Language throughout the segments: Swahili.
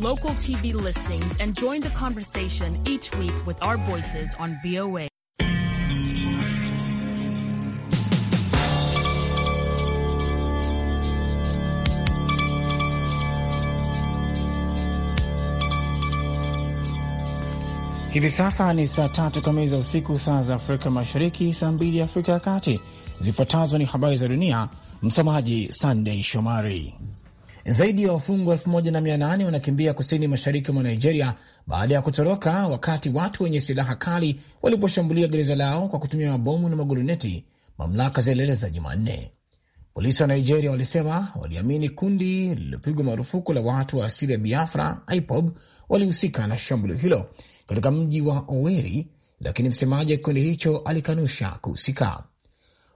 local TV listings and join the conversation each week with our voices on VOA. Hivi sasa ni saa tatu kamili za usiku, saa za Afrika Mashariki, saa mbili Afrika ya Kati. Zifuatazo ni habari za dunia, msomaji Sandei Shomari. Zaidi ya wafungwa elfu moja na mia nane wanakimbia kusini mashariki mwa Nigeria baada ya kutoroka wakati watu wenye silaha kali waliposhambulia gereza lao kwa kutumia mabomu na maguruneti, mamlaka zilieleza Jumanne. Polisi wa Nigeria walisema waliamini kundi lililopigwa marufuku la watu wa asili ya Biafra, IPOB, walihusika na shambulio hilo katika mji wa Oweri, lakini msemaji wa kikundi hicho alikanusha kuhusika.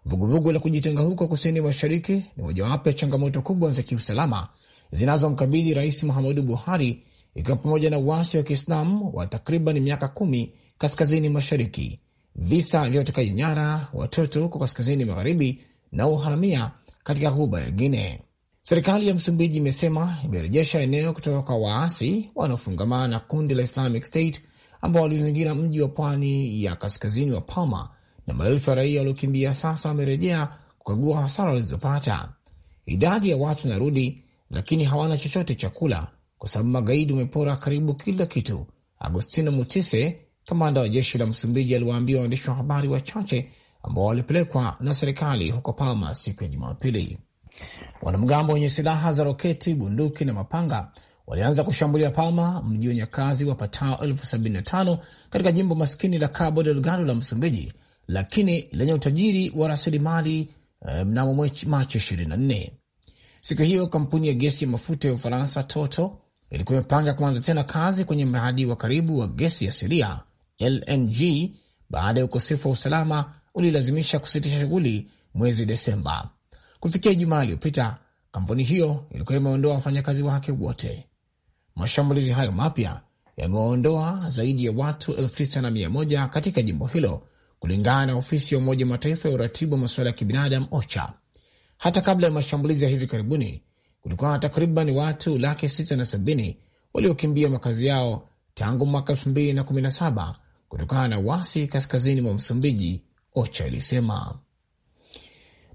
Vuguvugu la kujitenga huko kusini mashariki ni mojawapo ya changamoto kubwa za kiusalama zinazomkabidhi Rais Muhammadu Buhari, ikiwa pamoja na uasi wa Kiislamu wa takriban miaka kumi kaskazini mashariki, visa vya utekaji nyara watoto huko kaskazini magharibi na uharamia katika ghuba ya Guinea. Serikali ya Msumbiji imesema imerejesha eneo kutoka kwa waasi wanaofungamana na kundi la Islamic State ambao walizingira mji wa pwani ya kaskazini wa Palma na maelfu ya raia waliokimbia sasa wamerejea kukagua hasara walizopata. Idadi ya watu inarudi, lakini hawana chochote cha kula kwa sababu magaidi wamepora karibu kila kitu. Agostino Mutise, kamanda wa jeshi la Msumbiji, aliwaambia waandishi wa habari wachache ambao walipelekwa na serikali huko Palma siku ya Jumapili. Wanamgambo wenye silaha za roketi, bunduki na mapanga walianza kushambulia Palma, mji wenye kazi wapatao elfu sabini na tano katika jimbo maskini la Cabo Delgado la Msumbiji lakini lenye utajiri wa rasilimali e, mnamo Machi 24. Siku hiyo kampuni ya gesi ya mafuta ya Ufaransa Total ilikuwa imepanga kuanza tena kazi kwenye mradi wa karibu wa gesi asilia LNG baada ya ukosefu wa usalama ulilazimisha kusitisha shughuli mwezi Desemba. Kufikia Ijumaa iliyopita, kampuni hiyo ilikuwa imeondoa wafanyakazi wake wote. Mashambulizi hayo mapya yamewaondoa zaidi ya watu elfu tisa na mia moja katika jimbo hilo kulingana na ofisi ya Umoja Mataifa ya uratibu wa masuala ya kibinadamu OCHA. Hata kabla ya mashambulizi ya hivi karibuni, kulikuwa na takriban watu laki sita na sabini waliokimbia makazi yao tangu mwaka elfu mbili na kumi na saba kutokana na wasi kaskazini mwa Msumbiji, OCHA ilisema.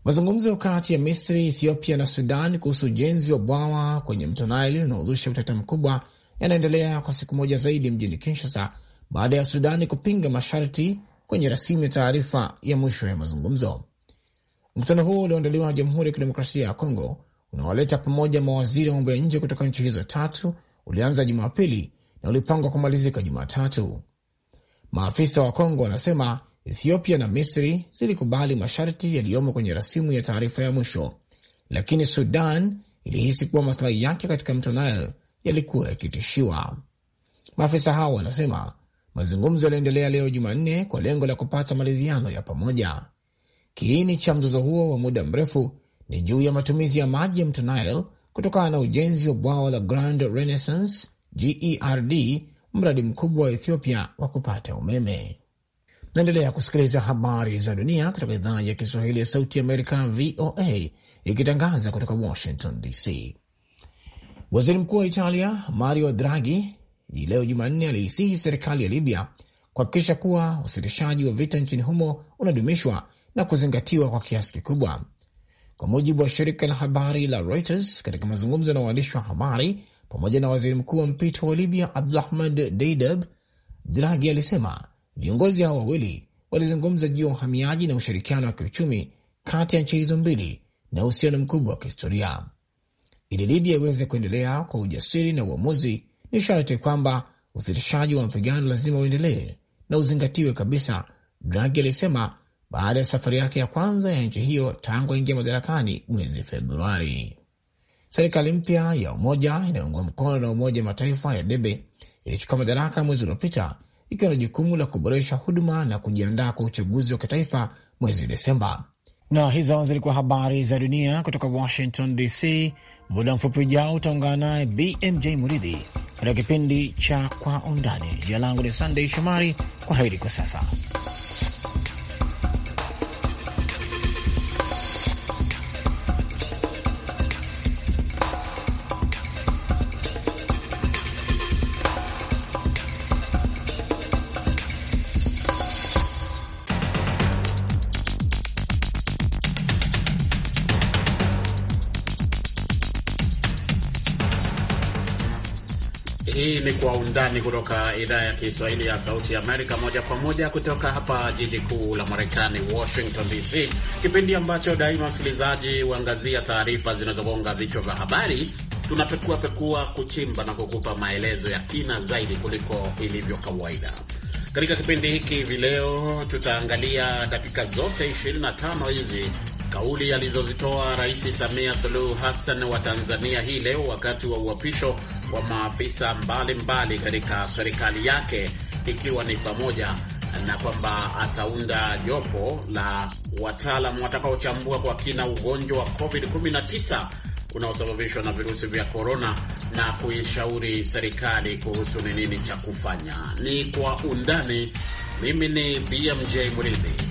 Mazungumzo kati ya Misri, Ethiopia na Sudan kuhusu ujenzi wa bwawa kwenye mto Nile unaozusha utata mkubwa yanaendelea kwa siku moja zaidi mjini Kinshasa baada ya Sudani kupinga masharti kwenye rasimu ya taarifa ya mwisho ya mazungumzo. Mkutano huo ulioandaliwa na Jamhuri ya Kidemokrasia ya Kongo unawaleta pamoja mawaziri wa mambo ya nje kutoka nchi hizo tatu ulianza Jumapili na ulipangwa kumalizika Jumatatu. Maafisa wa Kongo wanasema Ethiopia na Misri zilikubali masharti yaliyomo kwenye rasimu ya taarifa ya mwisho, lakini Sudan ilihisi kuwa maslahi yake katika mto Nile yalikuwa yakitishiwa. Maafisa hao wanasema Mazungumzo yaliendelea leo Jumanne kwa lengo la kupata maridhiano ya pamoja. Kiini cha mzozo huo wa muda mrefu ni juu ya matumizi ya maji ya mto Nile kutokana na ujenzi wa bwawa la Grand Renaissance GERD, mradi mkubwa wa Ethiopia wa kupata umeme. Naendelea kusikiliza habari za dunia kutoka idhaa ya Kiswahili ya Sauti ya Amerika, VOA, ikitangaza kutoka Washington DC. Waziri mkuu wa Italia Mario Draghi hii leo Jumanne aliisihi serikali ya Libya kuhakikisha kuwa usitishaji wa vita nchini humo unadumishwa na kuzingatiwa kwa kiasi kikubwa. Kwa mujibu wa shirika la habari la Reuters, katika mazungumzo na waandishi wa habari pamoja na waziri mkuu wa mpito wa Libya Abdulahmad Deidab, Dragi alisema viongozi hao wawili walizungumza juu ya uhamiaji na ushirikiano wa kiuchumi kati ya nchi hizo mbili na uhusiano mkubwa wa kihistoria. Ili Libya iweze kuendelea kwa ujasiri na uamuzi, ni sharti kwamba usitishaji wa mapigano lazima uendelee na uzingatiwe kabisa, Dragi alisema baada ya safari yake ya kwanza ya nchi hiyo tangu aingia madarakani mwezi Februari. Serikali mpya ya umoja inayoungwa mkono na Umoja Mataifa ya debe ilichukua madaraka mwezi uliopita ikiwa na jukumu la kuboresha huduma na kujiandaa kwa uchaguzi wa kitaifa mwezi Desemba. Na hizo zilikuwa habari za dunia kutoka Washington DC. Muda mfupi ujao utaungana naye BMJ Muridhi katika kipindi cha Kwa Undani. Jina langu ni Sandey Shomari. Kwa heri kwa sasa. undani kutoka idhaa ya Kiswahili ya Sauti Amerika, moja kwa moja kutoka hapa jiji kuu la Marekani, Washington DC, kipindi ambacho daima msikilizaji huangazia taarifa zinazogonga vichwa vya habari. Tunapekuapekua, kuchimba na kukupa maelezo ya kina zaidi kuliko ilivyo kawaida. Katika kipindi hiki hivi leo tutaangalia dakika zote 25 hizi kauli alizozitoa Rais Samia Suluhu Hassan wa Tanzania hii leo wakati wa uapisho kwa maafisa mbalimbali katika serikali yake ikiwa ni pamoja na kwamba ataunda jopo la wataalam watakaochambua kwa kina ugonjwa wa COVID-19 unaosababishwa na virusi vya korona na kuishauri serikali kuhusu ni nini cha kufanya. Ni kwa undani. Mimi ni BMJ Mridhi.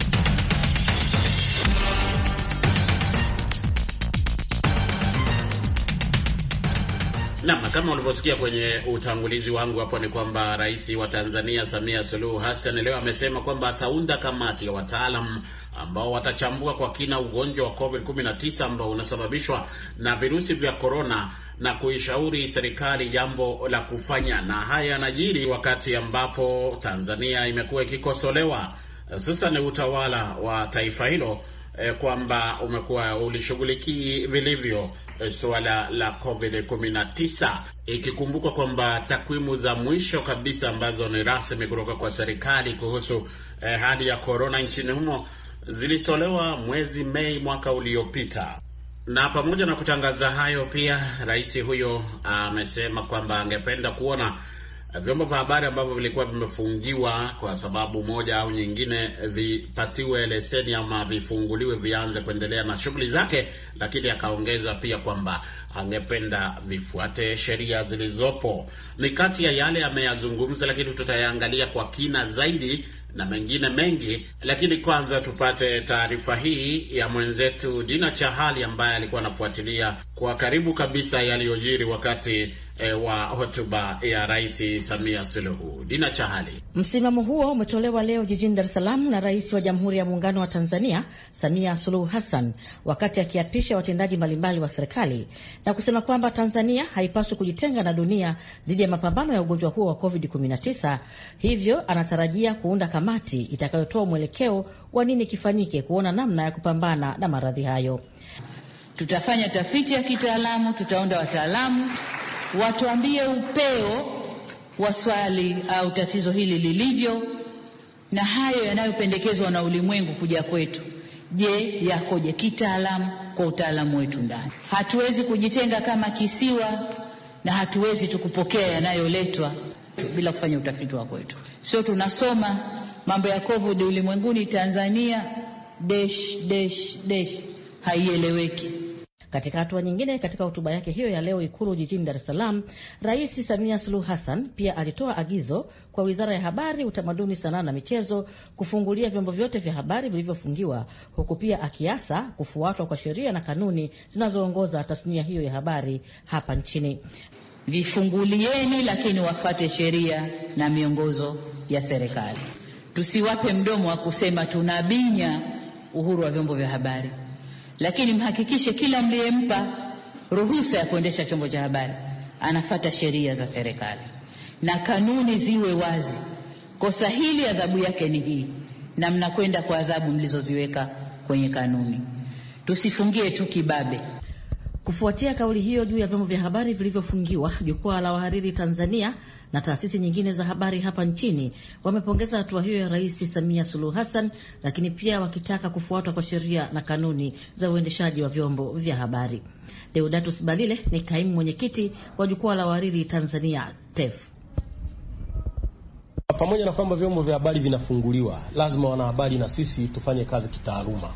Naam, kama ulivyosikia kwenye utangulizi wangu hapo ni kwamba rais wa Tanzania Samia Suluhu Hassan leo amesema kwamba ataunda kamati ya wataalam ambao watachambua kwa kina ugonjwa wa COVID-19 ambao unasababishwa na virusi vya korona na kuishauri serikali jambo la kufanya. Na haya yanajiri wakati ambapo Tanzania imekuwa ikikosolewa hususan utawala wa taifa hilo eh, kwamba umekuwa ulishughulikii vilivyo eh, suala la Covid 19 ikikumbukwa eh, kwamba takwimu za mwisho kabisa ambazo ni rasmi kutoka kwa serikali kuhusu eh, hali ya korona nchini humo zilitolewa mwezi Mei mwaka uliopita na pamoja na kutangaza hayo pia rais huyo amesema kwamba angependa kuona vyombo vya habari ambavyo vilikuwa vimefungiwa kwa sababu moja au nyingine vipatiwe leseni ama vifunguliwe vianze kuendelea na shughuli zake, lakini akaongeza pia kwamba angependa vifuate sheria zilizopo. Ni kati ya yale ameyazungumza, lakini tutayaangalia kwa kina zaidi na mengine mengi, lakini kwanza tupate taarifa hii ya mwenzetu Dina Chahali ambaye alikuwa anafuatilia kwa karibu kabisa yaliyojiri wakati e, wa hotuba ya Rais Samia Suluhu. Dina Chahali. Msimamo huo umetolewa leo jijini Dar es Salaam na Rais wa Jamhuri ya Muungano wa Tanzania Samia Suluhu Hassan wakati akiapisha watendaji mbalimbali wa serikali na kusema kwamba Tanzania haipaswi kujitenga na dunia dhidi ya mapambano ya ugonjwa huo wa COVID-19. Hivyo anatarajia kuunda kamati itakayotoa mwelekeo wa nini kifanyike kuona namna ya kupambana na maradhi hayo. Tutafanya tafiti ya kitaalamu, tutaunda wataalamu watuambie upeo wa swali au tatizo hili lilivyo, na hayo yanayopendekezwa na ulimwengu kuja kwetu, je, yakoje kitaalamu, kwa utaalamu wetu ndani. Hatuwezi kujitenga kama kisiwa, na hatuwezi tukupokea yanayoletwa bila kufanya utafiti wa kwetu. Sio tunasoma mambo ya COVID ulimwenguni, Tanzania dash dash dash haieleweki. Katika hatua nyingine, katika hotuba yake hiyo ya leo Ikulu jijini Dar es Salaam, Rais Samia Suluhu Hassan pia alitoa agizo kwa Wizara ya Habari, Utamaduni, Sanaa na Michezo kufungulia vyombo vyote vya habari vilivyofungiwa, huku pia akiasa kufuatwa kwa sheria na kanuni zinazoongoza tasnia hiyo ya habari hapa nchini. Vifungulieni, lakini wafate sheria na miongozo ya serikali. Tusiwape mdomo wa kusema tunabinya uhuru wa vyombo vya habari lakini mhakikishe kila mliyempa ruhusa ya kuendesha chombo cha habari anafata sheria za serikali na kanuni ziwe wazi. Kosa hili adhabu yake ni hii, na mnakwenda kwa adhabu mlizoziweka kwenye kanuni. Tusifungie tu kibabe. Kufuatia kauli hiyo juu ya vyombo vya habari vilivyofungiwa, jukwaa la wahariri Tanzania na taasisi nyingine za habari hapa nchini wamepongeza hatua hiyo ya Rais Samia Suluhu Hassan, lakini pia wakitaka kufuatwa kwa sheria na kanuni za uendeshaji wa vyombo vya habari. Deodatus Balile ni kaimu mwenyekiti wa Jukwaa la Wahariri Tanzania, TEF. Pamoja na kwamba vyombo vya habari vinafunguliwa, lazima wanahabari na sisi tufanye kazi kitaaluma.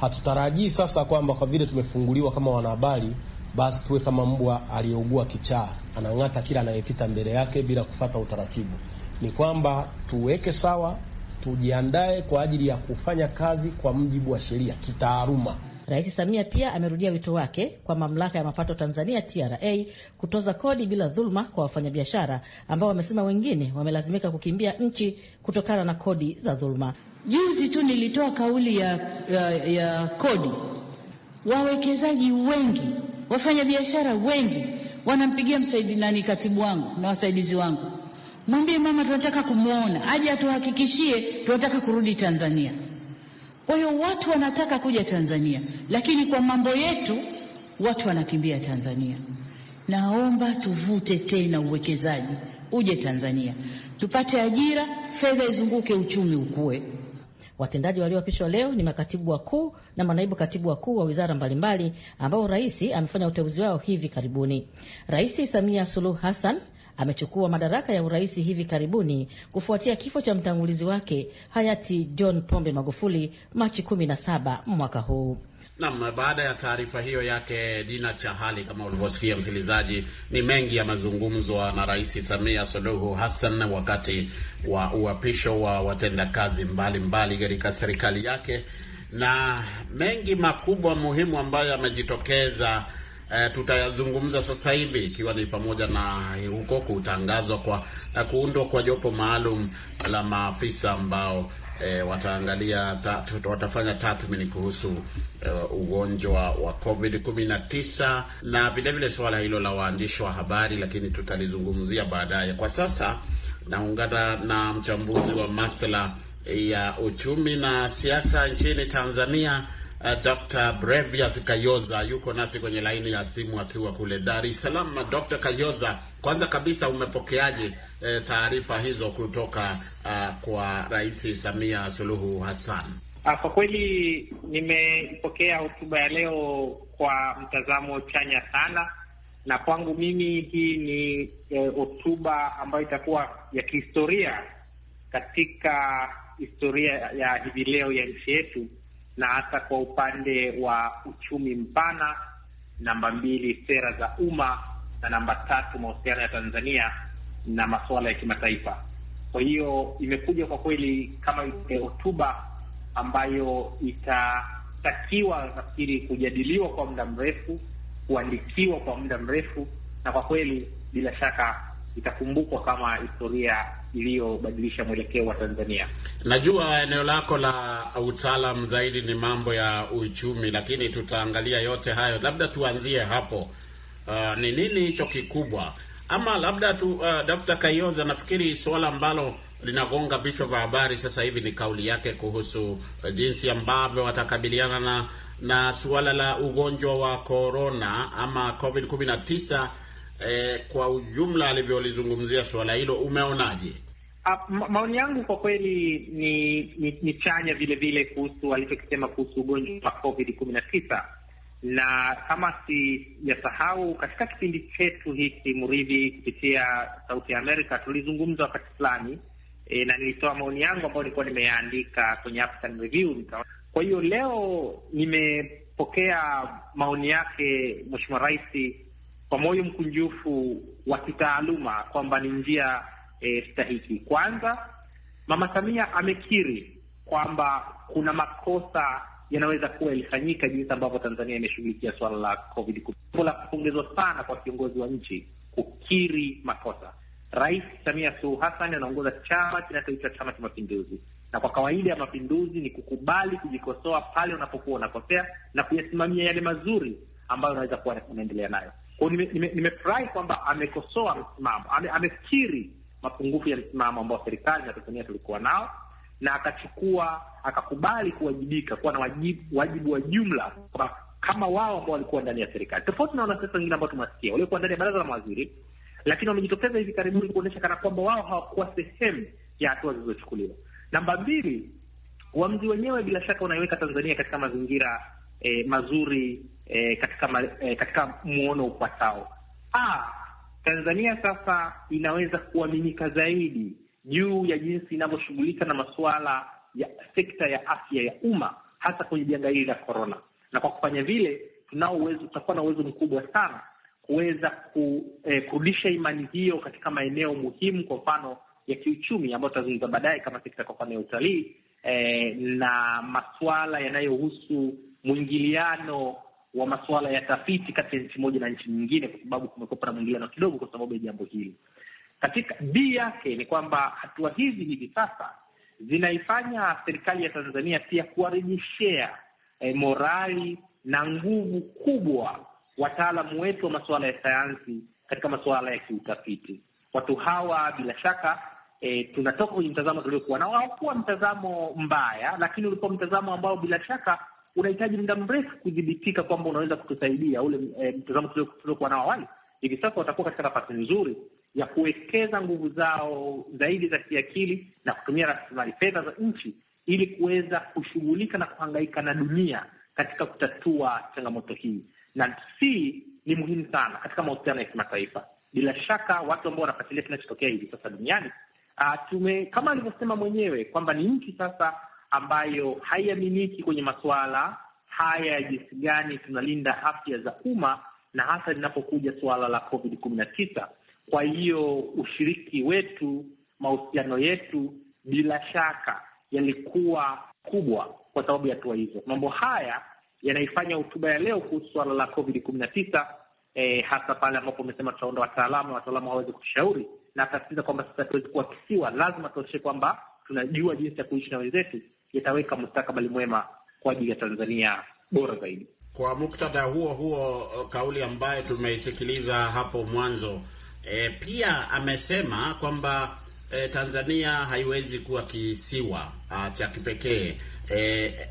Hatutarajii sasa kwamba kwa vile tumefunguliwa kama wanahabari basi tuwe kama mbwa aliyeugua kichaa, anang'ata kila anayepita mbele yake bila kufata utaratibu. Ni kwamba tuweke sawa, tujiandae kwa ajili ya kufanya kazi kwa mujibu wa sheria kitaaluma. Rais Samia pia amerudia wito wake kwa mamlaka ya mapato Tanzania TRA kutoza kodi bila dhuluma kwa wafanyabiashara ambao wamesema wengine wamelazimika kukimbia nchi kutokana na kodi za dhuluma. Juzi tu nilitoa kauli ya, ya, ya kodi. Wawekezaji wengi Wafanyabiashara wengi wanampigia msaidizi nani, katibu wangu na wasaidizi wangu, mwambie mama tunataka kumwona aje atuhakikishie, tunataka kurudi Tanzania. Kwa hiyo watu wanataka kuja Tanzania, lakini kwa mambo yetu watu wanakimbia Tanzania. Naomba tuvute tena uwekezaji uje Tanzania, tupate ajira, fedha izunguke, uchumi ukue. Watendaji walioapishwa leo ni makatibu wakuu na manaibu katibu wakuu wa wizara mbalimbali ambao rais amefanya uteuzi wao hivi karibuni. Rais Samia Suluhu Hassan amechukua madaraka ya urais hivi karibuni kufuatia kifo cha mtangulizi wake hayati John Pombe Magufuli Machi 17 mwaka huu. Naam, baada ya taarifa hiyo yake Dina Chahali, kama ulivyosikia msikilizaji, ni mengi yamezungumzwa na Rais Samia Suluhu Hassan wakati wa uapisho wa watendakazi mbalimbali katika serikali yake, na mengi makubwa muhimu ambayo yamejitokeza. E, tutayazungumza sasa hivi ikiwa ni pamoja na huko kutangazwa kwa eh, kuundwa kwa jopo maalum la maafisa ambao e, wataangalia tath, watafanya tathmini kuhusu e, ugonjwa wa COVID-19 na vilevile suala hilo la waandishi wa habari, lakini tutalizungumzia baadaye. Kwa sasa naungana na mchambuzi wa masuala eh, ya uchumi na siasa nchini Tanzania Uh, Dr. Brevias Kayoza yuko nasi kwenye laini ya simu akiwa kule Dar es Salaam. Dr. Kayoza, kwanza kabisa umepokeaje e, taarifa hizo kutoka a, ah, kwa Rais Samia Suluhu Hassan? Ah, kwa kweli nimeipokea hotuba ya leo kwa mtazamo chanya sana, na kwangu mimi hii ni eh, hotuba e, ambayo itakuwa ya kihistoria katika historia ya hivi leo ya nchi yetu, na hasa kwa upande wa uchumi mpana, namba mbili, sera za umma, na namba tatu, mahusiano ya Tanzania na masuala ya kimataifa. Kwa hiyo imekuja kwa kweli kama hotuba ambayo itatakiwa nafikiri kujadiliwa kwa muda mrefu, kuandikiwa kwa muda mrefu, na kwa kweli bila shaka itakumbukwa kama historia iliyobadilisha mwelekeo wa Tanzania. Najua eneo lako la utaalam zaidi ni mambo ya uchumi, lakini tutaangalia yote hayo. Labda tuanzie hapo. Uh, ni nini hicho kikubwa ama labda tu uh, Dr. Kayoza, nafikiri suala ambalo linagonga vichwa vya habari sasa hivi ni kauli yake kuhusu uh, jinsi ambavyo watakabiliana na na suala la ugonjwa wa corona ama covid 19 eh, kwa ujumla alivyolizungumzia suala hilo, umeonaje? Ah, ma maoni yangu kwa kweli ni, ni, ni chanya vile vile kuhusu alichokisema kuhusu ugonjwa wa covid 19 na kama si katika kipindi chetu hiki Mridhi kupitia Sauti ya Amerika tulizungumza wakati fulani e, na nilitoa maoni yangu ambayo nilikuwa nimeyaandika kwenye African Review. Kwa hiyo leo nimepokea maoni yake Mheshimiwa Rais kwa moyo mkunjufu wa kitaaluma kwamba ni njia e, stahiki. Kwanza Mama Samia amekiri kwamba kuna makosa yanaweza kuwa yalifanyika jinsi ambavyo Tanzania imeshughulikia swala la COVID. La kupongezwa sana kwa kiongozi wa nchi kukiri makosa. Rais Samia Suluhu Hassan anaongoza chama kinachoitwa Chama cha Mapinduzi, na kwa kawaida ya mapinduzi ni kukubali kujikosoa pale unapokuwa unakosea na kuyasimamia yale mazuri ambayo unaweza kuwa unaendelea nayo. Kwao nimefurahi nime, nime kwamba amekosoa msimamo, amekiri mapungufu ya msimamo ambao serikali na Tanzania tulikuwa nao na akachukua akakubali kuwajibika kuwa na wajibu, wajibu wa jumla kama wao ambao walikuwa ndani ya serikali, tofauti na wanasiasa wengine ambao tumewasikia waliokuwa ndani ya baraza la mawaziri, lakini wamejitokeza hivi karibuni kuonyesha kana kwamba wao hawakuwa sehemu ya hatua zilizochukuliwa. Namba mbili, uamuzi wenyewe bila shaka unaiweka Tanzania katika mazingira eh, mazuri eh, katika ma, eh, katika muono upatao. Tanzania sasa inaweza kuaminika zaidi juu ya jinsi inavyoshughulika na masuala ya sekta ya afya ya umma, hasa kwenye janga hili la korona. Na kwa kufanya vile, tunao uwezo, tutakuwa na uwezo mkubwa sana kuweza ku, eh, kurudisha imani hiyo katika maeneo muhimu, kwa mfano ya kiuchumi ambayo tutazungumza baadaye, kama sekta kwa mfano ya utalii eh, na masuala yanayohusu mwingiliano wa masuala ya tafiti kati ya nchi moja na nchi nyingine, kwa sababu kumekuwa na mwingiliano kidogo kwa sababu ya jambo hili. Katika bii yake ni kwamba hatua hizi hivi sasa zinaifanya serikali ya Tanzania pia kuwarejeshea e, morali na nguvu kubwa wataalamu wetu wa masuala ya sayansi katika masuala ya kiutafiti. Watu hawa bila shaka e, tunatoka kwenye mtazamo tuliokuwa nao, haukuwa mtazamo mbaya, lakini ulikuwa mtazamo ambao bila shaka unahitaji muda mrefu kudhibitika kwamba unaweza kutusaidia ule e, mtazamo tuliokuwa nao awali. Hivi sasa watakuwa katika nafasi nzuri ya kuwekeza nguvu zao zaidi za kiakili na kutumia rasilimali fedha za nchi ili kuweza kushughulika na kuhangaika na dunia katika kutatua changamoto hii, na si ni muhimu sana katika mahusiano ya kimataifa. Bila shaka watu ambao wanafuatilia kinachotokea hivi sasa duniani uh, tume kama alivyosema mwenyewe kwamba ni nchi sasa ambayo haiaminiki kwenye masuala haya ya jinsi gani tunalinda afya za umma na hasa linapokuja suala la COVID kumi na tisa kwa hiyo ushiriki wetu, mahusiano yetu, bila shaka yalikuwa kubwa kwa sababu ya hatua hizo. Mambo haya yanaifanya hotuba ya leo kuhusu suala la COVID kumi na tisa eh, hasa pale ambapo umesema tutaonda wataalamu na wataalamu hawawezi kushauri, na akasisitiza kwamba sasa tuwezi kuwa kisiwa, lazima tuakishe kwamba tunajua jinsi ya kuishi na wenzetu, yataweka mustakabali mwema kwa ajili ya Tanzania bora zaidi. Kwa muktadha huo huo, kauli ambayo tumeisikiliza hapo mwanzo E, pia amesema kwamba e, Tanzania haiwezi kuwa kisiwa cha kipekee. E,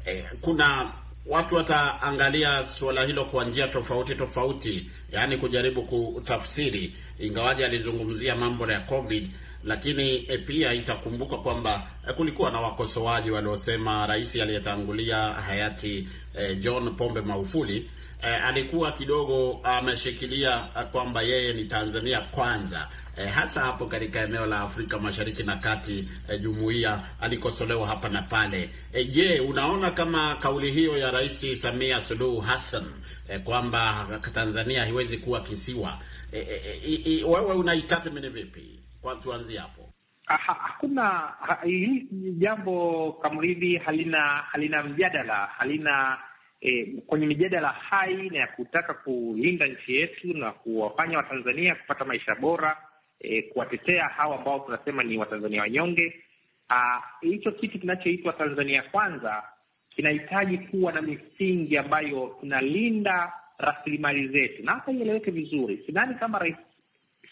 e, kuna watu wataangalia suala hilo kwa njia tofauti tofauti, yaani kujaribu kutafsiri, ingawaje alizungumzia mambo ya COVID, lakini e, pia itakumbuka kwamba e, kulikuwa na wakosoaji waliosema rais aliyetangulia hayati eh, John Pombe Magufuli eh, alikuwa kidogo ameshikilia kwamba yeye ni Tanzania kwanza eh, hasa hapo katika eneo la Afrika Mashariki na Kati eh, jumuiya alikosolewa hapa na pale. Eh, je, eh, unaona kama kauli hiyo ya Rais Samia Suluhu Hassan eh, kwamba Tanzania haiwezi kuwa kisiwa eh, eh, eh, wewe unaitathmini vipi? Kwa tuanzie hapo. Ah, hakuna hii jambo kama hivi, halina halina mjadala, halina e, kwenye mijadala hai na ya kutaka kulinda nchi yetu na kuwafanya Watanzania kupata maisha bora e, kuwatetea hawa ambao tunasema ni Watanzania wanyonge. Ah, hicho kitu kinachoitwa Tanzania kwanza kinahitaji kuwa na misingi ambayo tunalinda rasilimali zetu, na hata ieleweke vizuri. Sidhani kama Rais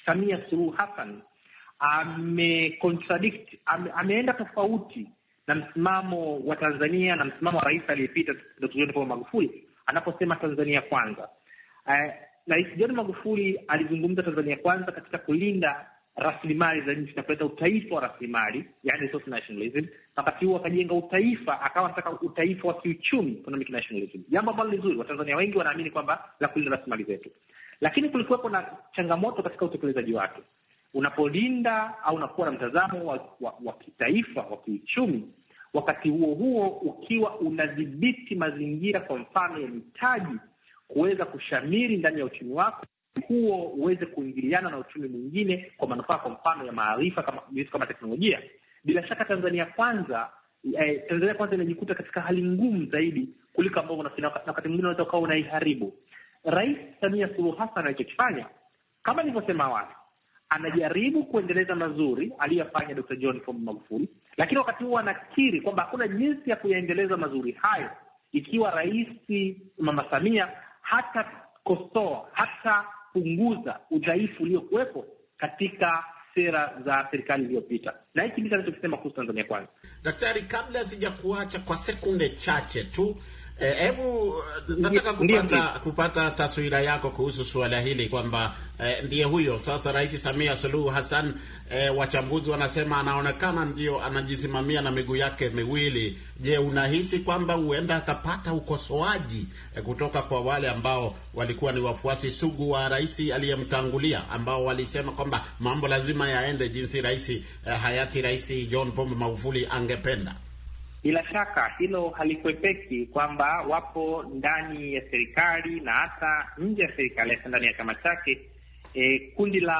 Samia Suluhu Hassan amecontradict ame, ameenda tofauti na msimamo wa Tanzania na msimamo wa rais aliyepita Dr. John Pombe Magufuli anaposema Tanzania kwanza. Eh, rais uh, John Magufuli alizungumza Tanzania kwanza katika kulinda rasilimali za nchi na kuleta utaifa wa rasilimali, yani resource nationalism. Wakati huo akajenga utaifa, akawa anataka utaifa wa kiuchumi, economic nationalism, jambo ambalo ni zuri. Watanzania wengi wanaamini kwamba la kulinda rasilimali zetu, lakini kulikuwepo na changamoto katika utekelezaji wake unapolinda au unakuwa na mtazamo wa, wa, wa kitaifa wa kiuchumi, wakati huo huo ukiwa unadhibiti mazingira, kwa mfano ya mitaji kuweza kushamiri ndani ya uchumi wako huo uweze kuingiliana na uchumi mwingine kwa manufaa, kwa mfano ya maarifa kama kama teknolojia. Bila shaka Tanzania kwanza eh, Tanzania kwanza inajikuta katika hali ngumu zaidi kuliko ambavyo na wakati mwingine unaweza ukawa unaiharibu. Rais Samia Suluhu Hassan alichokifanya kama nilivyosema awali anajaribu kuendeleza mazuri aliyofanya Dr. John Pombe Magufuli, lakini wakati huo anakiri kwamba hakuna jinsi ya kuyaendeleza mazuri hayo ikiwa Rais Mama Samia hatakosoa, hatapunguza udhaifu uliokuwepo katika sera za serikali iliyopita. Na hiki ndicho anachokisema kuhusu Tanzania Kwanza. Daktari, kabla sijakuacha kwa sekunde chache tu Eh, hebu e, nataka kupata, kupata taswira yako kuhusu suala hili kwamba e, ndiye huyo sasa Rais Samia Suluhu Hassan e, wachambuzi wanasema anaonekana ndio anajisimamia na miguu yake miwili. Je, unahisi kwamba huenda akapata ukosoaji e, kutoka kwa wale ambao walikuwa ni wafuasi sugu wa rais aliyemtangulia ambao walisema kwamba mambo lazima yaende jinsi rais e, hayati Rais John Pombe Magufuli angependa? Bila shaka hilo halikwepeki kwamba wapo ndani ya serikali na hata nje ya serikali, hasa ndani ya chama chake e, kundi la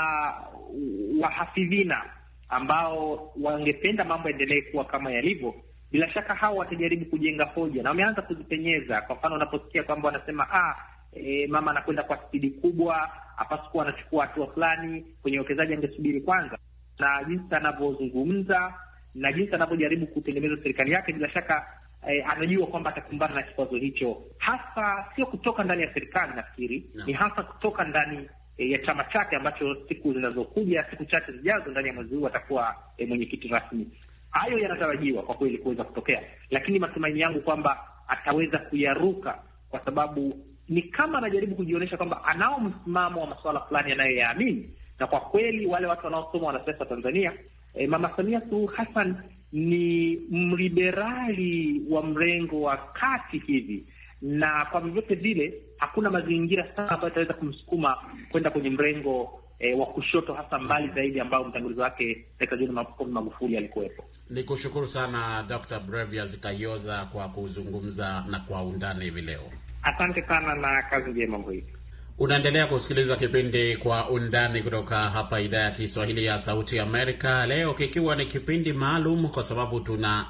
wahafidhina ambao wangependa mambo yaendelee kuwa kama yalivyo. Bila shaka hawa watajaribu kujenga hoja na wameanza kuzipenyeza. Kwa mfano, unaposikia kwamba wanasema ah, e, mama anakwenda kwa spidi kubwa, hapaswi kuwa anachukua hatua fulani, kwenye uwekezaji angesubiri kwanza, na jinsi anavyozungumza na jinsi anavyojaribu kutengeneza serikali yake, bila shaka eh, anajua kwamba atakumbana na kikwazo hicho, hasa sio kutoka ndani ya serikali, nafikiri no. ni hasa kutoka ndani E, ya chama chake ambacho siku zinazokuja siku chache zijazo ndani ya mwezi huu atakuwa e, mwenyekiti rasmi. Hayo yanatarajiwa kwa kweli kuweza kutokea, lakini matumaini yangu kwamba ataweza kuyaruka, kwa sababu ni kama anajaribu kujionyesha kwamba anao msimamo wa masuala fulani anayoyaamini, na kwa kweli wale watu wanaosoma wanasiasa Tanzania E, Mama Samia Suluhu Hassan ni mliberali wa mrengo wa kati hivi, na kwa vyovyote vile hakuna mazingira sana ambayo itaweza kumsukuma kwenda kwenye mrengo E, wa kushoto hasa mbali zaidi ambao mtangulizi wake Dkt. John Pombe Magufuli alikuwepo. kushukuru sana Dr. Brevia Zikayoza kwa kuzungumza na kwa undani hivi leo. Asante sana na kazi njema Mbwiki. Unaendelea kusikiliza kipindi kwa undani kutoka hapa idhaa ya Kiswahili ya Sauti Amerika, leo kikiwa ni kipindi maalum kwa sababu tuna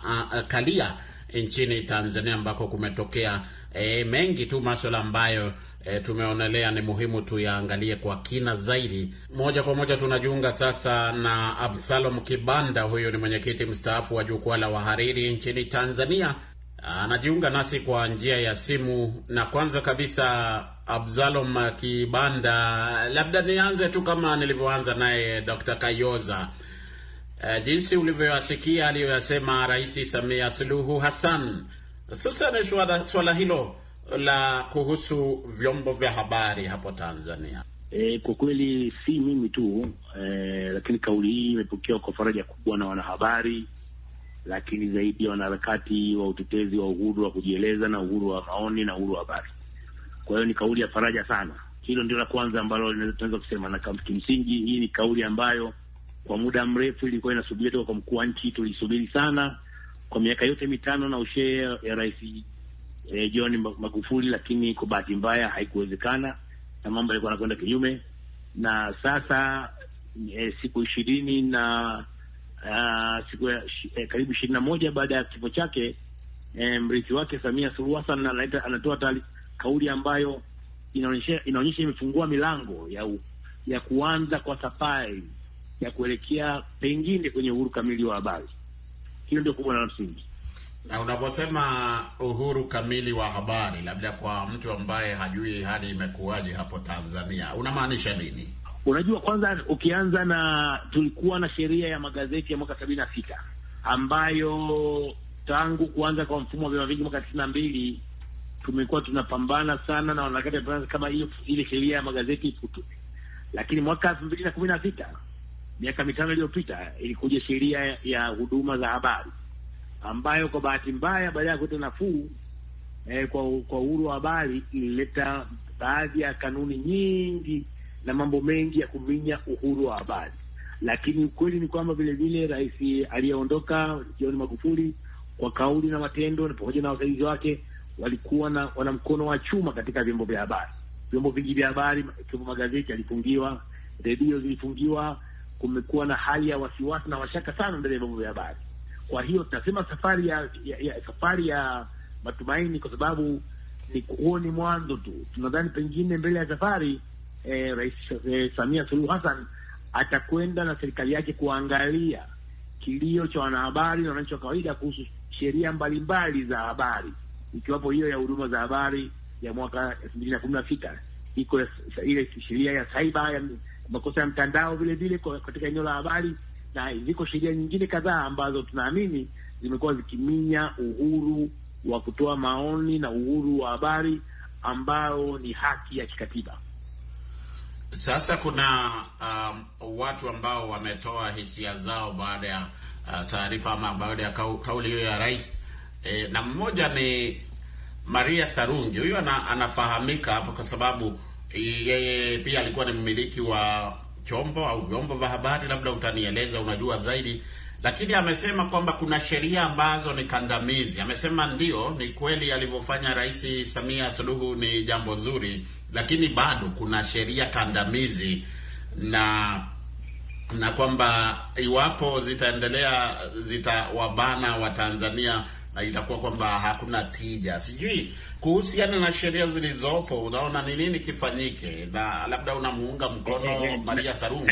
kalia nchini Tanzania ambako kumetokea e, mengi tu maswala ambayo e, tumeonelea ni muhimu tuyaangalie kwa kina zaidi. Moja kwa moja tunajiunga sasa na Absalom Kibanda, huyu ni mwenyekiti mstaafu wa Jukwaa la Wahariri nchini Tanzania, anajiunga nasi kwa njia ya simu, na kwanza kabisa Absalom Kibanda, labda nianze tu kama nilivyoanza naye Dr. Kayoza. E, jinsi ulivyoyasikia aliyoyasema Rais Samia Suluhu Hassan, hususan swala, swala hilo la kuhusu vyombo vya habari hapo Tanzania. E, kwa kweli si mimi tu e, lakini kauli hii imepokewa kwa faraja kubwa na wanahabari, lakini zaidi ya wanaharakati wa utetezi wa uhuru wa kujieleza na uhuru wa maoni na uhuru wa habari. Kwa hiyo ni kauli ya faraja sana. Hilo ndio la kwanza ambalo tunaweza kusema, na kimsingi hii ni kauli ambayo kwa muda mrefu ilikuwa inasubiri toka kwa mkuu wa nchi, tulisubiri sana kwa miaka yote mitano na ushee ya Rais eh, John Magufuli, lakini kwa bahati mbaya haikuwezekana na mambo yalikuwa yanakwenda kinyume. Na sasa eh, siku ishirini na uh, siku ya eh, karibu ishirini na moja baada ya kifo chake eh, mrithi wake Samia Suluhu Hassan anatoa kauli ambayo inaonyesha inaonyesha imefungua milango ya, u, ya kuanza kwa safari ya kuelekea pengine kwenye uhuru kamili wa habari. Hiyo ndio kubwa na msingi. Na unaposema uhuru kamili wa habari, labda kwa mtu ambaye hajui hali imekuwaje hapo Tanzania, unamaanisha nini? Unajua, kwanza ukianza na tulikuwa na sheria ya magazeti ya mwaka sabini na sita ambayo tangu kuanza kwa mfumo wa vyama vingi mwaka tisini na mbili tumekuwa tunapambana sana na wanaharakati kama hiyo ile sheria ya magazeti ifutwe, lakini mwaka elfu mbili na kumi na sita miaka mitano iliyopita ilikuja sheria ya huduma za habari ambayo kwa bahati mbaya baada ya kuleta nafuu eh, kwa kwa uhuru wa habari ilileta baadhi ya kanuni nyingi na mambo mengi ya kuminya uhuru wa habari. Lakini ukweli ni kwamba vile vile rais aliyeondoka John Magufuli kwa kauli na matendo pamoja na wasaidizi wake walikuwa na wana mkono wa chuma katika vyombo vya habari. Vyombo vingi vya habari, ikiwemo magazeti, yalifungiwa, redio zilifungiwa. Kumekuwa na hali ya wasiwasi na washaka sana ndani ya vyombo vya habari. Kwa hiyo tunasema safari ya, ya, ya safari ya matumaini, kwa sababu huo ni, ni mwanzo tu. Tunadhani pengine mbele ya safari eh, Rais eh, Samia Suluhu Hassan atakwenda na serikali yake kuangalia kilio cha wanahabari na wananchi wa kawaida kuhusu sheria mbalimbali za habari ikiwapo hiyo ya huduma za habari ya mwaka elfu mbili na kumi na sita iko ile sheria ya saiba ya makosa ya mtandao vile vile katika eneo la habari, na ziko sheria nyingine kadhaa ambazo tunaamini zimekuwa zikiminya uhuru wa kutoa maoni na uhuru wa habari ambao ni haki ya kikatiba. Sasa kuna um, watu ambao wametoa hisia zao baada ya uh, taarifa ama baada ya kauli hiyo ya rais e, na mmoja ni Maria Sarungi. Huyu ana, anafahamika hapa kwa sababu eh, yeye pia alikuwa ni mmiliki wa chombo au vyombo vya habari, labda utanieleza unajua zaidi, lakini amesema kwamba kuna sheria ambazo ni kandamizi. Amesema ndio, ni kweli alivyofanya Rais Samia Suluhu ni jambo zuri, lakini bado kuna sheria kandamizi na na kwamba iwapo zitaendelea zitawabana Watanzania na itakuwa kwamba hakuna tija. Sijui kuhusiana na sheria zilizopo, unaona ni nini kifanyike, na labda unamuunga mkono eh, eh, Maria eh, Sarungu?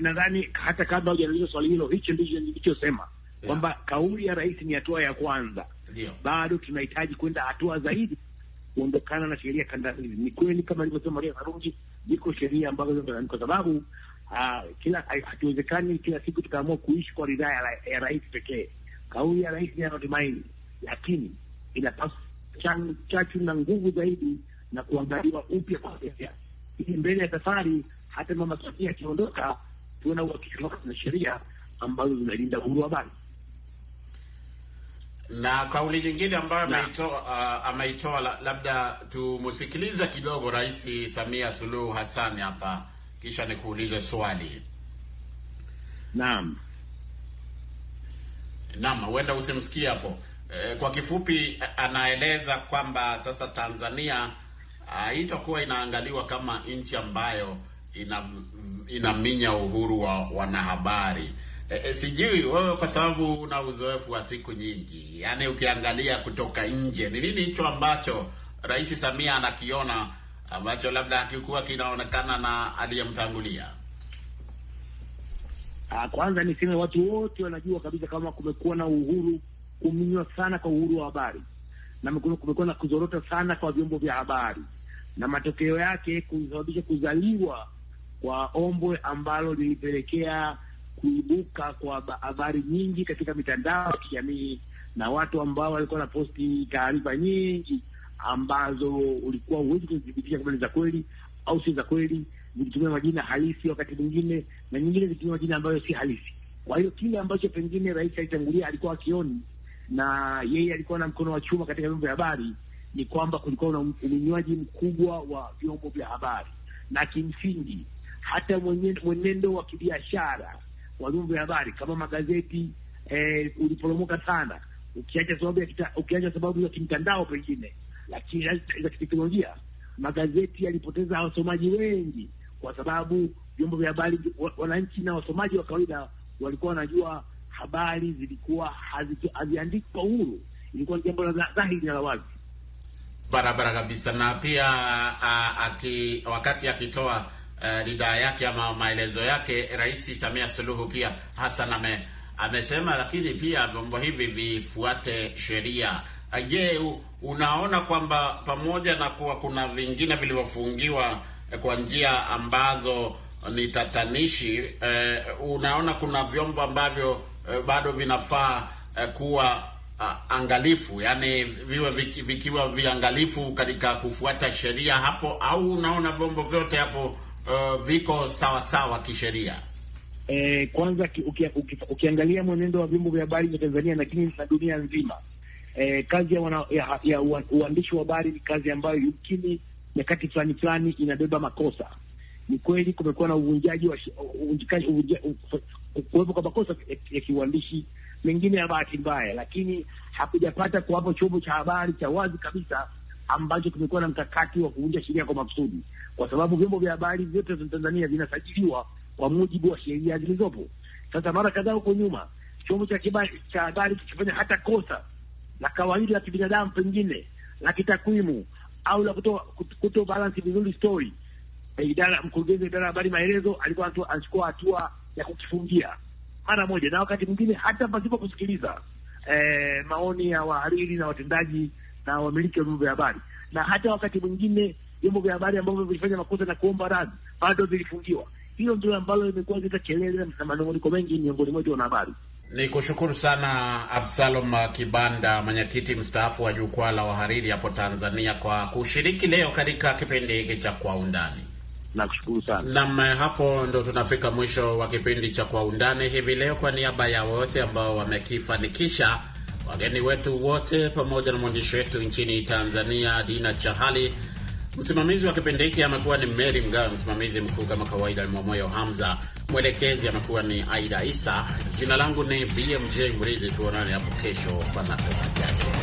Nadhani na, hata kabla hujauliza swali hilo, hicho ndicho nilichosema kwamba kauli ya rais ni hatua ya kwanza. Ndio. Bado tunahitaji kwenda hatua zaidi kuondokana na sheria kandamizi. Ni kweli kama alivyosema Maria Sarungi, ziko sheria ambazo kwa sababu uh, kila hatuwezekani kila siku tukaamua kuishi kwa ridhaa ya, ya rais pekee Kauli ya rais ya matumaini, lakini inapaswa chachu na nguvu zaidi na kuangaliwa upya sheria ili mbele ya safari, hata mama Samia akiondoka, tuwe na uhakika na sheria ambazo zinalinda uhuru wa habari. Na kauli nyingine ambayo ameitoa uh, ameitoa la, labda tumusikilize kidogo Rais Samia Suluhu Hassan hapa, kisha nikuulize swali. Naam. Naam, huenda usimsikie hapo. E, kwa kifupi anaeleza kwamba sasa Tanzania haitakuwa inaangaliwa kama nchi ambayo ina inaminya uhuru wa wanahabari. E, e, sijui wewe kwa sababu una uzoefu wa siku nyingi, yaani ukiangalia kutoka nje, ni nini hicho ambacho Rais Samia anakiona ambacho labda hakikuwa kinaonekana na aliyemtangulia? Ah, kwanza niseme watu wote wanajua kabisa kama kumekuwa na uhuru kuminywa sana kwa uhuru wa habari na kumekuwa na kuzorota sana kwa vyombo vya habari, na matokeo yake kusababisha kuzaliwa kwa ombwe ambalo lilipelekea kuibuka kwa habari nyingi katika mitandao ya kijamii na watu ambao walikuwa na posti taarifa nyingi ambazo ulikuwa huwezi kuzithibitisha kama ni za kweli au si za kweli, zikitumia majina halisi wakati mwingine, na nyingine zikitumia majina ambayo si halisi. Kwa hiyo kile ambacho pengine rais alitangulia alikuwa akioni na yeye alikuwa na mkono wa chuma katika vyombo vya habari, ni kwamba kulikuwa na um-, uminywaji mkubwa wa vyombo vya habari, na kimsingi hata mwenendo wa kibiashara wa vyombo vya habari kama magazeti eh, uliporomoka sana, ukiacha sababu ya kita, ukiacha sababu za kimtandao pengine, lakini za kiteknolojia magazeti yalipoteza wasomaji wengi kwa sababu vyombo vya habari, wananchi na wasomaji wa kawaida walikuwa wanajua habari zilikuwa haziandiki kwa uhuru. Ilikuwa ni jambo la dhahiri na la wazi, barabara kabisa. Na pia a, a, ki, wakati akitoa e, ridhaa yake ama maelezo yake, Rais Samia Suluhu pia Hassan ame, amesema lakini pia vyombo hivi vifuate sheria. Je, unaona kwamba pamoja na kuwa kuna vingine vilivyofungiwa kwa njia ambazo ni tatanishi eh, unaona kuna vyombo ambavyo eh, bado vinafaa eh, kuwa ah, angalifu, yani viwe viki, vikiwa viangalifu katika kufuata sheria hapo, au unaona vyombo vyote hapo eh, viko sawa sawa kisheria? Eh, kwanza ukiangalia uki, uki, mwenendo wa vyombo vya habari vya Tanzania lakini na dunia nzima eh, kazi ya, wana, ya, ya uandishi wa habari ni kazi ambayo yukini nyakati fulani fulani inabeba makosa. Ni kweli kumekuwa na uvunjaji wa kuwepo kwa makosa ya kiuandishi mengine ya bahati mbaya, lakini hakujapata kuwapo chombo cha habari cha wazi kabisa ambacho kimekuwa na mkakati wa kuvunja sheria kwa makusudi, kwa sababu vyombo vya habari vyote vya Tanzania vinasajiliwa kwa mujibu wa sheria zilizopo. Sasa mara kadhaa huko nyuma chombo cha cha habari kikifanya hata kosa la kawaida la kibinadamu pengine la kitakwimu au la kuto, kuto balance vizuri story. Eh, idara mkurugenzi wa idara ya habari maelezo alikuwa anachukua hatua ya kukifungia mara moja, na wakati mwingine hata pasipo kusikiliza e, maoni ya wahariri na watendaji na wamiliki wa vyombo vya habari, na hata wakati mwingine vyombo vya habari ambavyo vilifanya makosa na kuomba radhi bado vilifungiwa. Hilo ndio ambalo limekuwa leta kelele na manunguniko mengi miongoni mwetu wanahabari. Ni kushukuru sana Absalom Kibanda, mwenyekiti mstaafu wa jukwaa la wahariri hapo Tanzania, kwa kushiriki leo katika kipindi hiki cha Kwa Undani. nam sana. hapo ndo tunafika mwisho wa kipindi cha Kwa Undani hivi leo. Kwa niaba ya wote ambao wamekifanikisha, wageni wetu wote, pamoja na mwandishi wetu nchini Tanzania Dina Chahali Msimamizi wa kipindi hiki amekuwa ni Meri Mgawe, msimamizi mkuu kama kawaida ni Mwamoyo Hamza, mwelekezi amekuwa ni Aida Isa. Jina langu ni BMJ Mridhi. Tuonane hapo kesho, panapo majaliwa.